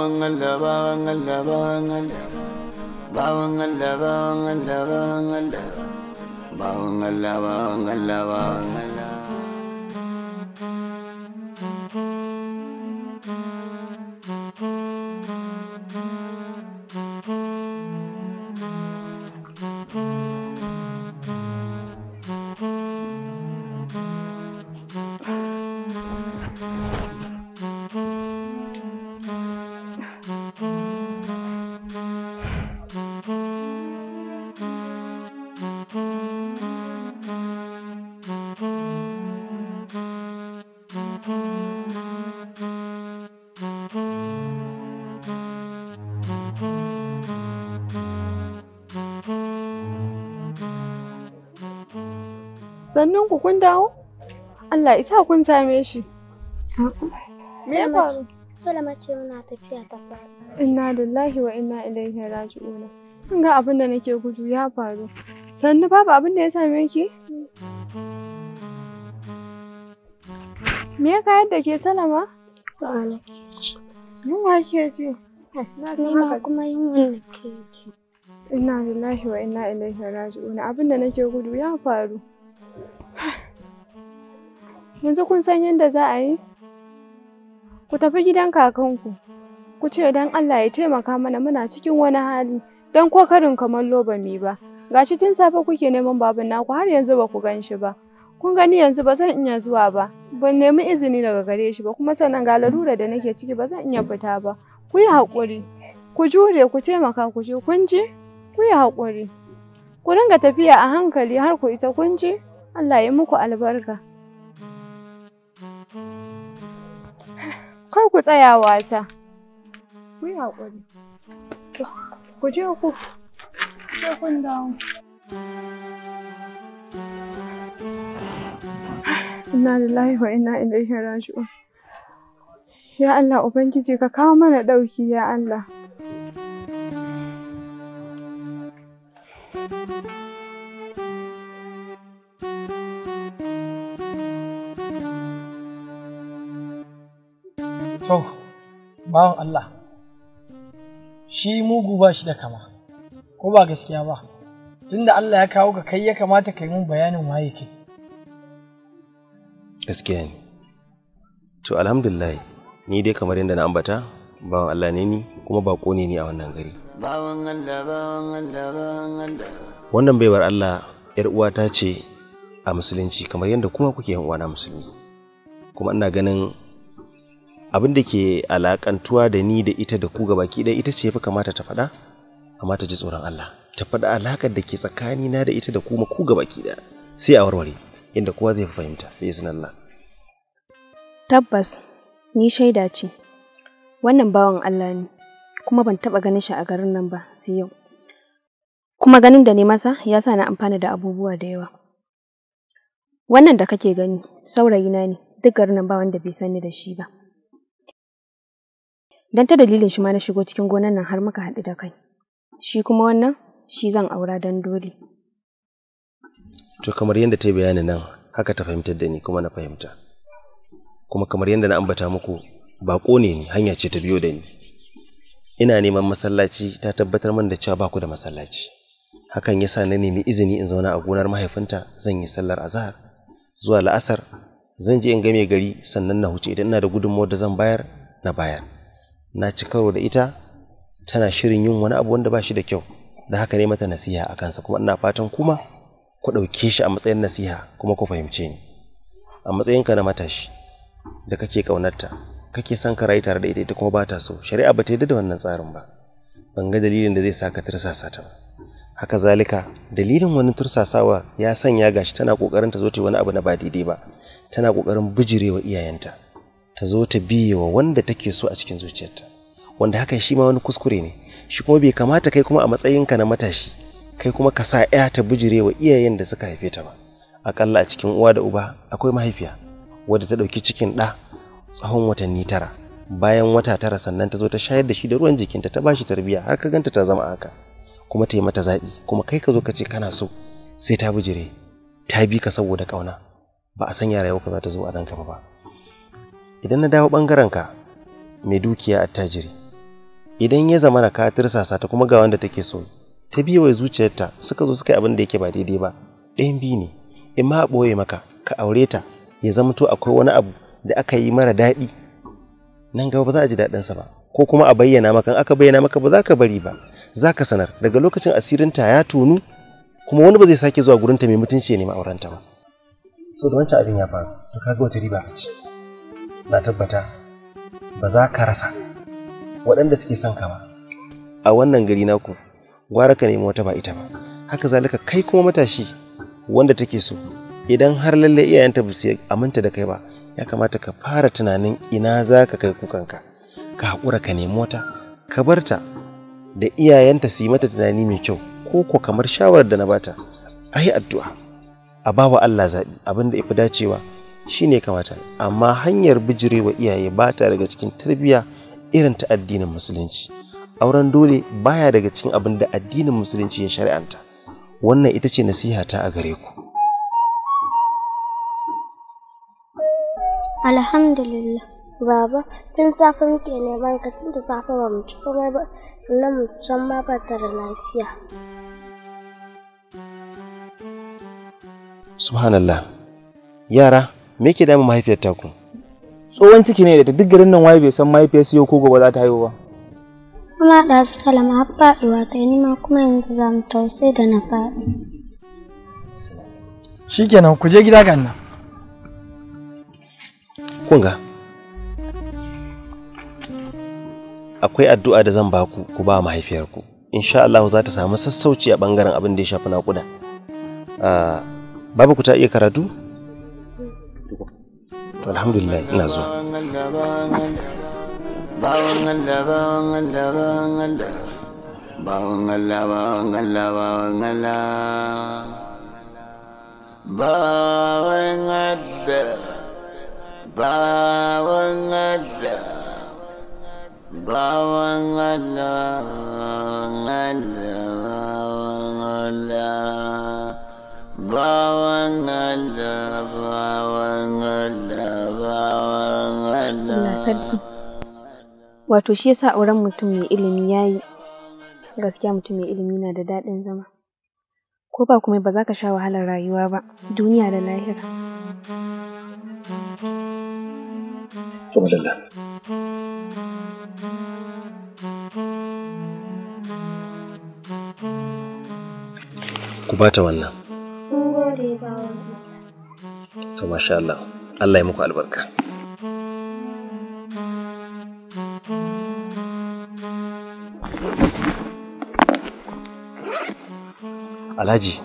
ഭാവങ്ങല്ല ഭാവങ്ങല്ല ഭാവങ്ങല്ല ഭാവങ്ങല്ല ഭാവങ്ങല്ല ഭാവങ്ങല്ല ഭാവങ്ങല്ല ഭാവങ്ങല്ല ഭാവങ്ങല്ല sannan ku kun dawo Allah isa kun same shi me ya faru Salama ce muna tafiya ta faru inna lillahi wa inna ilaihi raji'una kun ga abin da nake gudu ya faru sannu babu abin da ya same ki me ka yadda da ke salama ba ke ji yunwa ke ji na san haka kuma ke ji inna lillahi wa inna ilaihi raji'un abin da nake gudu ya faru Yanzu kun san yadda za a yi? Ku tafi gidan kakanku, ku ce don Allah ya taimaka mana muna cikin wani hali, don ko karin kamallo ba mi ba. Gashi tun safe kuke neman babin naku har yanzu ba ku gan shi ba. Kun gani yanzu ba zan iya zuwa ba, ban nemi izini daga gare shi ba, kuma sannan ga lalura da nake ciki ba zan iya fita ba. Ku yi haƙuri, ku jure ku taimaka ku je kun ji? Ku yi haƙuri. Ku dinga tafiya a hankali har ku ita kun ji? Allah ya muku albarka. Kar ku tsaya wasa. Ku yi haƙuri. Ku je ku. Sai kun dawo. Inna lillahi wa inna ilaihi raji'un. Ya Allah Ubangiji ka kawo mana ɗauki ya Allah. bawan Allah shi mugu ba shi da kama ko ba gaskiya ba tunda Allah ya kawo ka kai ya kamata ka yi mun bayanin waye kai gaskiya ne to alhamdulillah ni dai kamar yadda na ambata bawan Allah ne ni kuma bako ne ni a wannan gari wannan baiwar Allah yar uwata ce a musulunci kamar yadda kuma kuke yan uwa na musulmi kuma ina ganin abin da ke alakantuwa da ni da ita da ku gabaki ɗaya ita ce fi kamata ta faɗa amma ta ji tsoron Allah ta faɗa alakar da ke tsakani na da ita da kuma ku gabaki ɗaya sai a warware inda kowa zai fahimta bi Allah tabbas ni shaida ce wannan bawan Allah ne kuma ban taɓa ganin shi a garin nan ba sai yau kuma ganin da ne masa ya sa na amfana da abubuwa da yawa wannan da kake gani saurayina ne duk garin nan ba wanda bai sani da shi ba don ta dalilin shi ma na shigo cikin gonan nan har muka haɗu da kai shi kuma wannan shi zan aura don dole to kamar yadda ta bayani nan haka ta fahimtar da ni kuma na fahimta kuma kamar yadda na ambata muku baƙo ne hanya ce ta biyo da ni ina neman masallaci ta tabbatar min da cewa ba ku da masallaci hakan ya sa na nemi izini in zauna a gonar mahaifinta zan yi sallar azahar zuwa la'asar zan je in ga mai gari sannan na huce idan ina da gudunmawar da zan bayar na bayar na ci karo da ita tana shirin yin wani abu wanda ba shi da kyau da haka ne mata nasiha a kansa kuma ina fatan kuma ku ɗauke shi a matsayin nasiha kuma ku fahimce ni a matsayinka na matashi da kake ƙaunarta kake son ka rayu tare da ita ita kuma ba ta so shari'a ba ta yadda da wannan tsarin ba ban ga dalilin da zai sa ka tursasa ta ba haka zalika dalilin wani tursasawa ya sanya gashi tana ƙoƙarin ta zo ta wani abu na ba daidai ba tana ƙoƙarin bijirewa iyayenta ta zo ta biye wa wanda take so a cikin zuciyarta wanda haka shi ma wani kuskure ne shi kuma bai kamata kai kuma a matsayinka na matashi kai kuma ka sa ya ta bijire wa iyayen da suka haife ta ba akalla a cikin uwa da uba akwai mahaifiya wadda ta ɗauki cikin ɗa tsahon watanni tara bayan wata tara sannan ta zo ta shayar da shi da ruwan jikinta ta bashi tarbiyya har ka ganta ta zama haka kuma ta yi mata zaɓi kuma kai ka zo ka ce kana so sai ta bijire ta bi ka saboda ƙauna ba a san yara yau ka za ta zo a ranka ba idan na dawo ɓangarenka mai dukiya attajiri idan ya zama na ka tirsasa ta kuma ga wanda take so ta biye wai zuciyarta suka zo suka yi abin da yake ba daidai ba ɗayan biyu ne in ma ɓoye maka ka aure ta ya to akwai wani abu da aka yi mara daɗi nan gaba ba za a ji daɗinsa ba ko kuma a bayyana maka aka bayyana maka ba za ka bari ba za ka sanar daga lokacin asirinta ya tonu kuma wani ba zai sake zuwa gurinta mai mutunci ya nemi aurenta ba so da wancan abin ya faru to kaga wata riba a ci na tabbata ba za ka rasa waɗanda suke son ka ba a wannan gari naku gwara ka nemi wata ba ita ba haka zalika kai kuma matashi wanda take so idan har lalle iyayenta ba su aminta da kai ba ya kamata ka fara tunanin ina za ka kai kukanka ka haƙura ka nemi wata ka barta da iyayenta su yi mata tunani mai kyau ko ko kamar shawarar da na bata a yi addu'a a bawa Allah zaɓi abin da dacewa Shi ne kamata amma hanyar bijirewa iyaye ba ta daga cikin tarbiyya irin ta addinin musulunci auren dole baya daga cikin abin da addinin musulunci ya shari'anta wannan ita ce nasiha ta a gare ku alhamdulillah baba tun safe muke neman ka tun da safe ba mu ci komai ba na mu can ma ba da lafiya subhanallah yara me ke damu mahaifiyar taku tsohon ciki ne da duk garin nan waye bai san mahaifiyar su yau ko gobe za ta haihu ba kuma da su salama har faɗuwa ta ni ma kuma yanzu za mu tausai da na faɗi shikenan ku je gida ganna kun ga akwai addu'a da zan ba ku ba mahaifiyarku insha Allah za ta samu sassauci a bangaren abin da ya shafi naƙuda ah, babu ku ta iya karatu alhamdulillah ina zuwa bawan Allah Allah sarki. Wato shi yasa auren mutum mai ilimi ya yi. Gaskiya mutum mai ilimi na da daɗin zama. Ko ba kuma ba za ka sha wahalar rayuwa ba, duniya da lahira. Subhanallah. Ku bata wannan. To masha Allah. Allah ya muku albarka. alhaji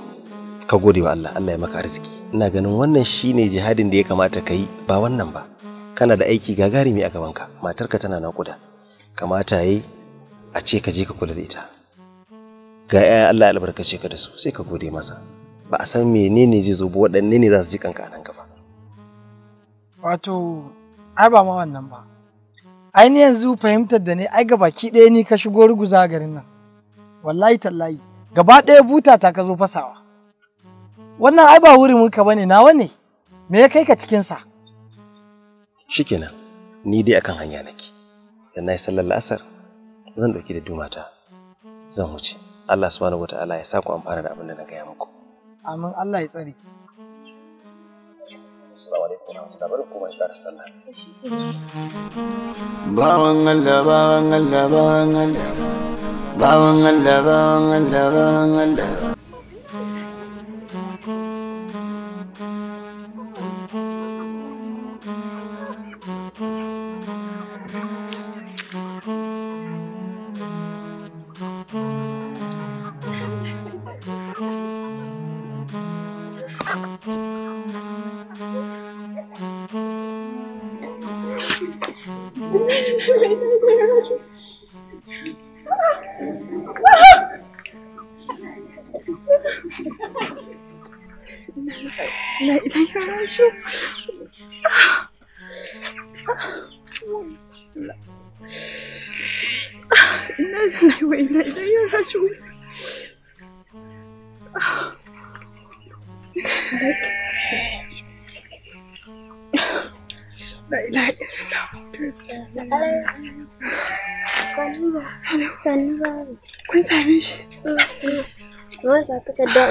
ka gode wa Allah Allah ya maka arziki ina ganin wannan shine jihadin da ya kamata ka yi ba wannan ba kana da aiki gagarumi a gabanka matarka tana naƙuda kamata yayi a ce ka je ka kula da ita ga ya Allah albarka albarkace ka da su sai ka gode masa ba a san menene zai zo ba waɗanne ne za su ji kanka a nan gaba wato ai ba ma wannan ba ai ni yanzu fahimtar da ne ai ga baki ɗaya ni ka shigo ruguza garin nan wallahi tallahi gaba ɗaya buta ta ka zo fasawa wannan ai ba wuri muka bane nawa ne me ya kai ka cikin sa shikenan ni dai akan hanya nake na yi sallar la'asar, zan dauki da dumata zan wuce Allah subhanahu wataala ya sa ku amfana da abin da na gaya muku amin Allah ya tsare Bawan Allah, bawan Allah, bawan Allah. Bawang Allah, bawang Allah, bawang Allah inna ilaihi raji'un inna takarda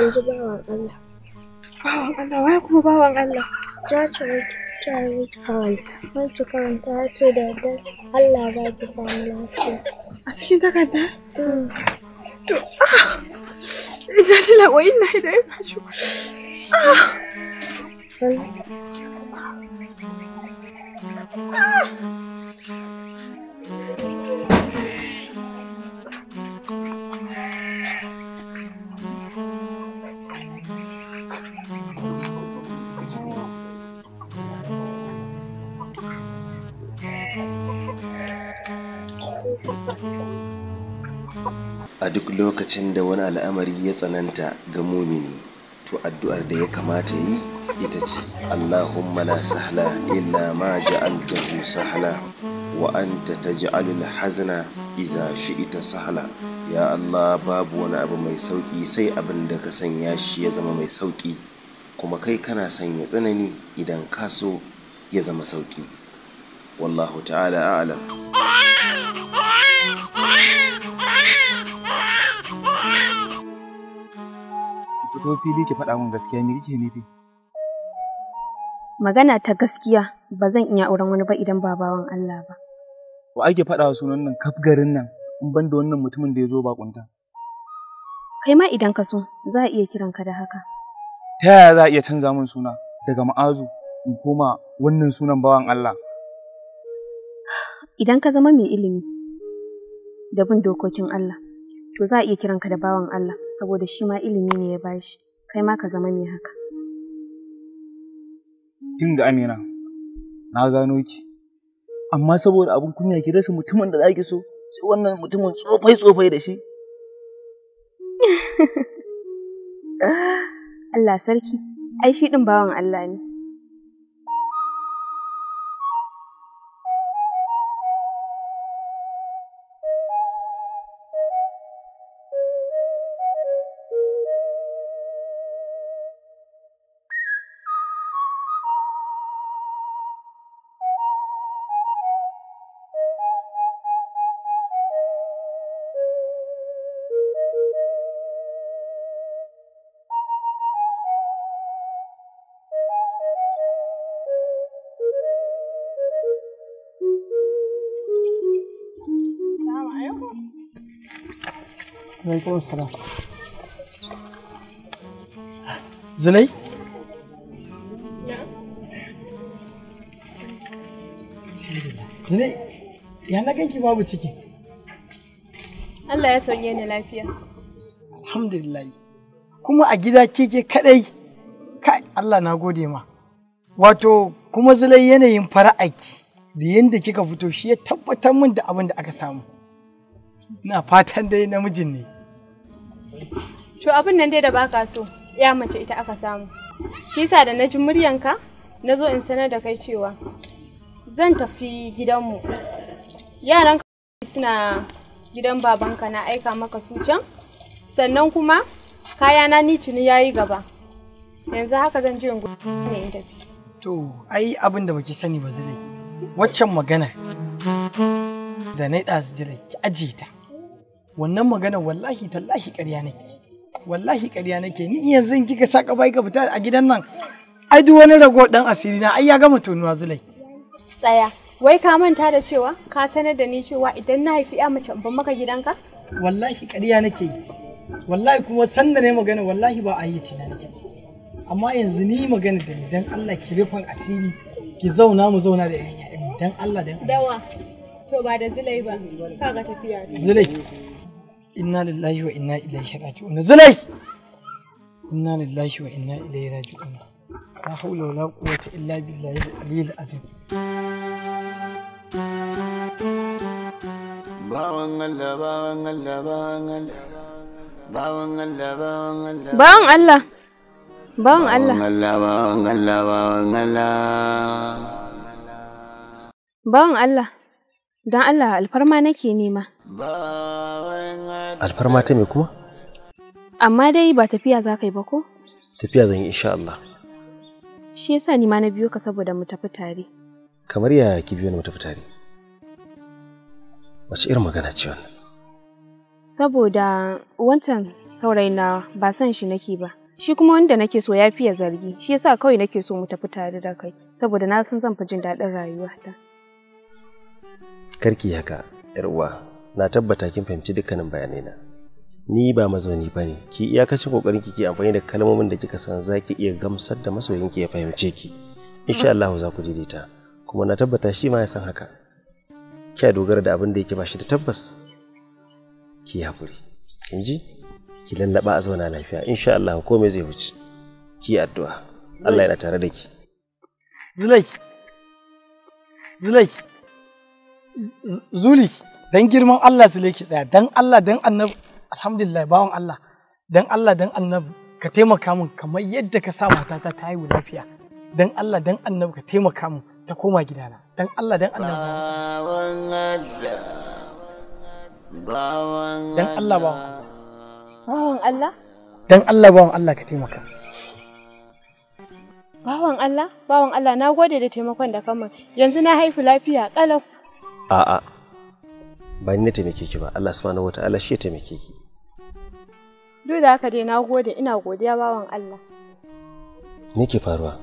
bawan Allah wai kuma bawan Allah ja ta yi karanta mai ta karanta ya ce da yadda Allah ba ki samu lafiya a cikin takarda mm. to ah ina lila ina ya fashu ah ah a duk lokacin da wani al'amari ya tsananta ga mumini to addu'ar da ya kamata yi ita ce allahumma la sahla illa ma ja'altahu sahla wa anta alul hazina iza ita sahla ya allah babu wani abu mai sauki sai abin da ka sanya shi ya zama mai sauki kuma kai kana sanya tsanani idan ka so ya zama sauki wallahu ta'ala a'lam fito fili ki faɗa min gaskiya me kike nufi? Magana ta gaskiya ba zan iya auren wani ba idan ba bawan Allah ba. Wa ake faɗa wa sunan nan kaf garin nan in ban da wannan mutumin da ya zo bakunta. Kai ma idan ka so za a iya kiranka da haka. Ta yaya za a iya canza min suna daga ma'azu in koma wannan sunan bawan Allah? Idan ka zama mai ilimi da bin dokokin Allah to za a iya kiranka da bawan Allah saboda shi ma ilimi ne ya bashi kai ma ka zama mai haka Kin ga amina na gano ki amma saboda abin kunya ki rasa mutumin da zaki so sai wannan mutumin tsofai tsofai da shi Allah sarki ai shi din bawan Allah ne Alaikum salam. Zulai? Zulai, ya na ganki babu ciki? Allah ya sauke ni lafiya. Alhamdulillah. Kuma a gida kike kadai. Kai, Allah na gode ma. Wato kuma zulai yanayin fara'aki da yadda kika fito shi ya tabbatar min da abin da aka samu. Ina fatan dai namijin ne. To abin nan dai da baka so, ya mace ita aka samu. Shi yasa da na ji muryanka, na zo in sanar da kai cewa zan tafi gidanmu. Yaran suna gidan babanka na aika maka su can, sannan kuma kayana ni tuni yayi gaba. Yanzu haka zan je in ne in tafi. To, ai abin da baki sani ba zai Waccan maganar da na ɗazu ki ajiye ta. wannan magana wallahi tallahi ƙarya nake wallahi ƙarya nake ni yanzu kika saka bai ka fita a gidan nan ai duk wani rago dan asiri na ai ya gama tonuwa zulai tsaya wai ka manta da cewa ka sanar da ni cewa idan na haifi ya mace ban maka gidanka wallahi ƙarya nake wallahi kuma san da ne magana wallahi ba a yi ci na nake amma yanzu ni magana da ni dan Allah ki rufan asiri ki zauna mu zauna da yan dan Allah dan Allah dawa To ba da zilai Inna lillahi wa inna ilaihi raji'un. Inna lillahi wa inna ilaihi raji'un. La hawla wa la quwwata illa billahi al-aliyyil azim. bawan Allah. Bawan Allah. Don Allah alfarma nake nema. Alfarma ta me kuma? Amma dai ba tafiya za ka yi ba ko? Tafiya zan yi insha Allah. Shi yasa ni ma na biyo ka saboda mu tafi tare. Kamar ya ki biyo ni mu tafi tare? Wace irin magana ce wannan? Saboda wancan saurayi na ba san shi nake ba. Shi kuma wanda nake so ya fiye zargi, shi yasa kawai nake so mu tafi tare da kai, saboda na san zan fi jin daɗin ta. karki haka yar uwa na tabbata kin fahimci dukkanin na. ni ba mazauni ba ne ki iyakacin kokarin ki ki amfani da kalmomin da kika san za ki iya gamsar da ki ya fahimce ki insha Allah za ku daidaita kuma na tabbata shi ma ya san haka kya dogara da abin da yake bashi da tabbas ki hakuri kin ji ki lallaba a zauna lafiya insha Allah komai zai wuce ki addu'a Allah yana tare da ki Zulai Zulai zuli dan girman Allah su leki tsaya dan Allah dan annab alhamdulillah bawan Allah dan Allah dan annab ka taimaka min kamar yadda ka sa matata ta haihu lafiya dan Allah dan annab ka taimaka min ta koma gidana dan Allah dan annab bawan Allah bawan dan Allah bawon bawon Allah dan Allah bawan Allah ka taimaka bawan Allah bawan Allah na gode da taimakon da kama yanzu na haifu lafiya kalau a'a ba ni na taimake ki ba Allah subhanahu wata'ala shi ya taimake ki duk da haka dai na gode ina godiya bawan Allah me ke faruwa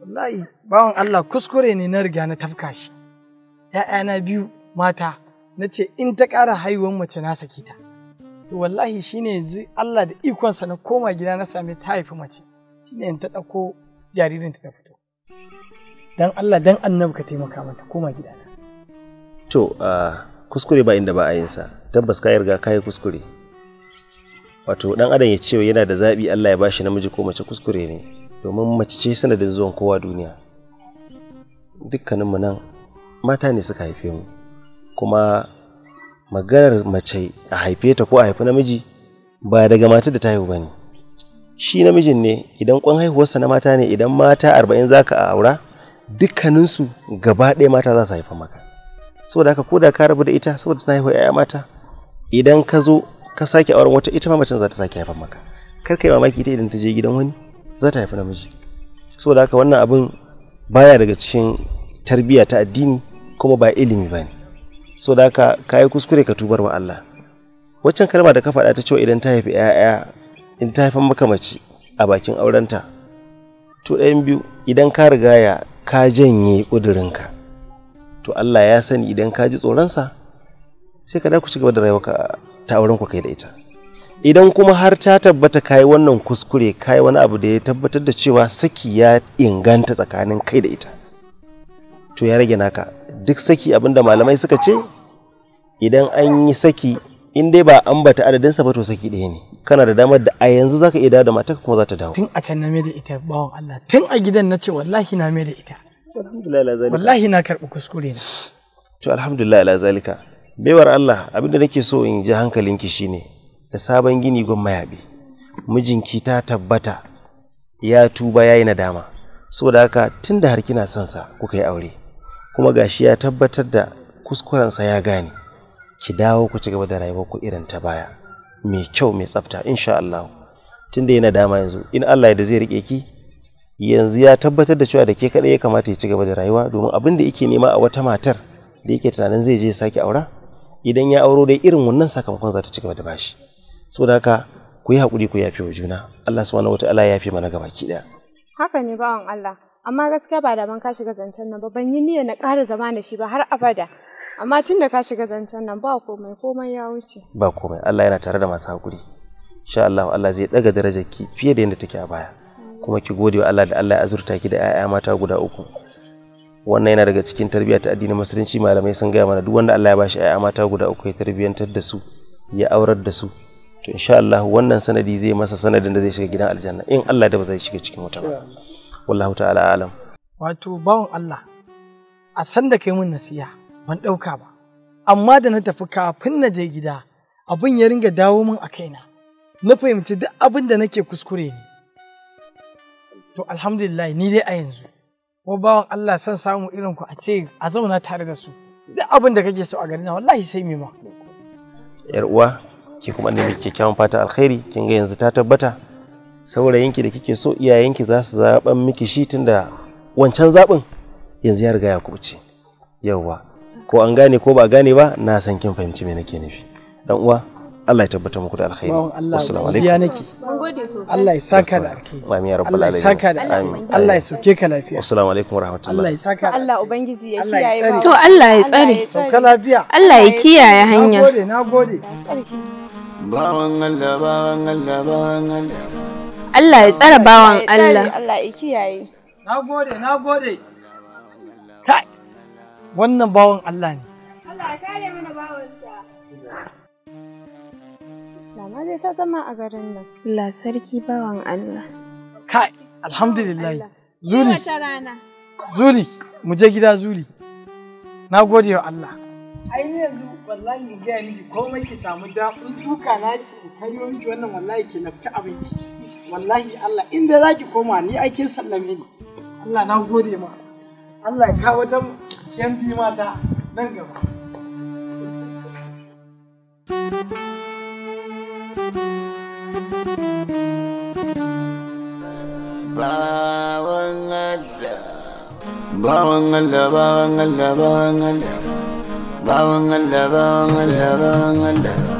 wallahi bawan Allah kuskure ne na riga na tafka shi na biyu mata na ce in ta ƙara haihuwar mace na sake ta to wallahi shine yanzu Allah da ikonsa na koma gida na same ta haifi mace shine in ta ɗauko jaririn ta fito dan Allah dan annabi ka taimaka mata koma gidana to kuskure ba inda ba a yin tabbas ka yarga ka kuskure wato dan adam ya ce yana da zabi Allah ya bashi namiji ko mace kuskure ne domin mace ce sanadin zuwan kowa duniya dukkaninmu nan mata ne suka haife mu kuma maganar mace a haife ta ko a haifi namiji ba daga mata da ta haihu bane shi namijin ne idan kwan haihuwarsa na mata ne idan mata arba'in zaka ka aura dukkaninsu gaba ɗaya mata za su haifa maka saboda haka da ka rabu da ita saboda tana haihuwa 'ya'ya mata idan ka zo ka sake auren wata ita mamacin zata za ta sake haifa maka kar yi mamaki ita idan ta je gidan wani za ta haifi namiji saboda haka wannan abin baya daga cikin tarbiyya ta addini kuma ba ilimi ba ne saboda haka ka yi kuskure ka tubar wa Allah waccan kalma da ka faɗa ta cewa idan ta haifi 'ya'ya in ta haifan maka mace a bakin aurenta to ɗayan biyu idan ka rigaya ka janye ƙudurinka to Allah ya sani idan ka ji tsoron sa sai ka da ku ci gaba da rayuwa ta auren ku kai da ita idan kuma har ta tabbata kai wannan kuskure kai wani abu da ya tabbatar da cewa saki ya inganta tsakanin kai da ita to ya rage naka duk saki abinda malamai suka ce idan an yi saki in dai ba an bata adadin sa ba to saki ɗaya ne kana da damar da a yanzu zaka iya dawo da matarka kuma za ta dawo tun a can na mai da ita bawan Allah tun a gidan na ce wallahi na mai da ita wallahi na karɓi kuskure na to alhamdulillah ala zalika baiwar Allah abinda nake so in ji hankalinki shine da sabon gini gon mayabi mijinki ta tabbata ya tuba yayi nadama saboda haka tunda har kina son sa kuka yi aure kuma gashi ya tabbatar da kuskurensa ya gane ki dawo ku ci gaba da rayuwar ku irin ta baya mai kyau mai tsafta insha Allah tunda yana dama yanzu in Allah ya da zai rike ki yanzu ya tabbatar da cewa da ke kaɗai ya kamata ya ci gaba da rayuwa domin abin da yake nema a wata matar da yake tunanin zai je sake aura idan ya auro dai irin wannan sakamakon za ta ci gaba da bashi saboda haka ku yi haƙuri ku yafe wa juna Allah subhanahu wataala ya yafe mana gabaki ɗaya haka ne bawan Allah amma gaskiya ba da ban ka shiga zancen nan ba ban yi niyya na ƙara zama da shi ba har abada amma tun da ka shiga zancen nan ba komai komai ya wuce ba komai Allah yana tare da masu hakuri insha Allah Allah zai daga darajar ki fiye da yadda take a baya kuma ki gode wa Allah da Allah ya azurta ki da 'ya'ya mata guda uku wannan yana daga cikin tarbiyya ta addinin musulunci malamai sun gaya mana duk wanda Allah ya bashi 'ya'ya mata guda uku ya tarbiyyantar da su ya aurar da su to insha Allah wannan sanadi zai masa sanadin da zai shiga gidan aljanna in Allah da ba zai shiga cikin wuta ba wallahu ta'ala alam wato bawon Allah a san da kai mun nasiha ban ɗauka ba amma da na tafi kafin na je gida abin ya ringa dawo min a kaina na fahimci duk abin da nake kuskure ne to alhamdulillah ni dai a yanzu ko bawan Allah san samu irin ku a ce a zauna tare da su duk abin da kake so a gari na wallahi sai mai ma yar uwa ki kuma ne muke kyawun fata alkhairi kin ga yanzu ta tabbata saurayinki da kike so iyayenki za su zaɓan miki shi tunda wancan zaɓin yanzu ya riga ya kubuce yawwa ko an gane ko ba gane ba na san kin fahimci me nake nufi dan uwa Allah ya tabbata muku da alkhairi assalamu alaikum ya nake Allah ya saka da alkhairi amin ya rabbal alamin Allah ya saka da alkhairi Allah ya soke ka lafiya assalamu alaikum warahmatullahi Allah ya saka Allah ubangiji ya kiyaye mu to Allah ya tsare to ka lafiya Allah ya kiyaye hanya nagode nagode bawan Allah bawan Allah bawan Allah Allah ya tsare bawan Allah Allah ya kiyaye nagode nagode wannan bawan Allah ne Allah kare mana bawansa Mama zai ta zama a garin nan La sarki bawan Allah kai alhamdulillah zuli zuli mu je gida zuli na gode wa Allah ainihin yanzu wallahi gaya miki komai ki samu daɗin tuka na ki karyo miki wannan wallahi ki nafci abinci wallahi Allah inda za ki koma ni ake sallame ni Allah na gode ma Allah ya kawo damu yan bi mata nan gaba Bawan Allah, bawan Allah, bawan Allah, bawan Allah, bawan Allah, bawan Allah, bawan Allah.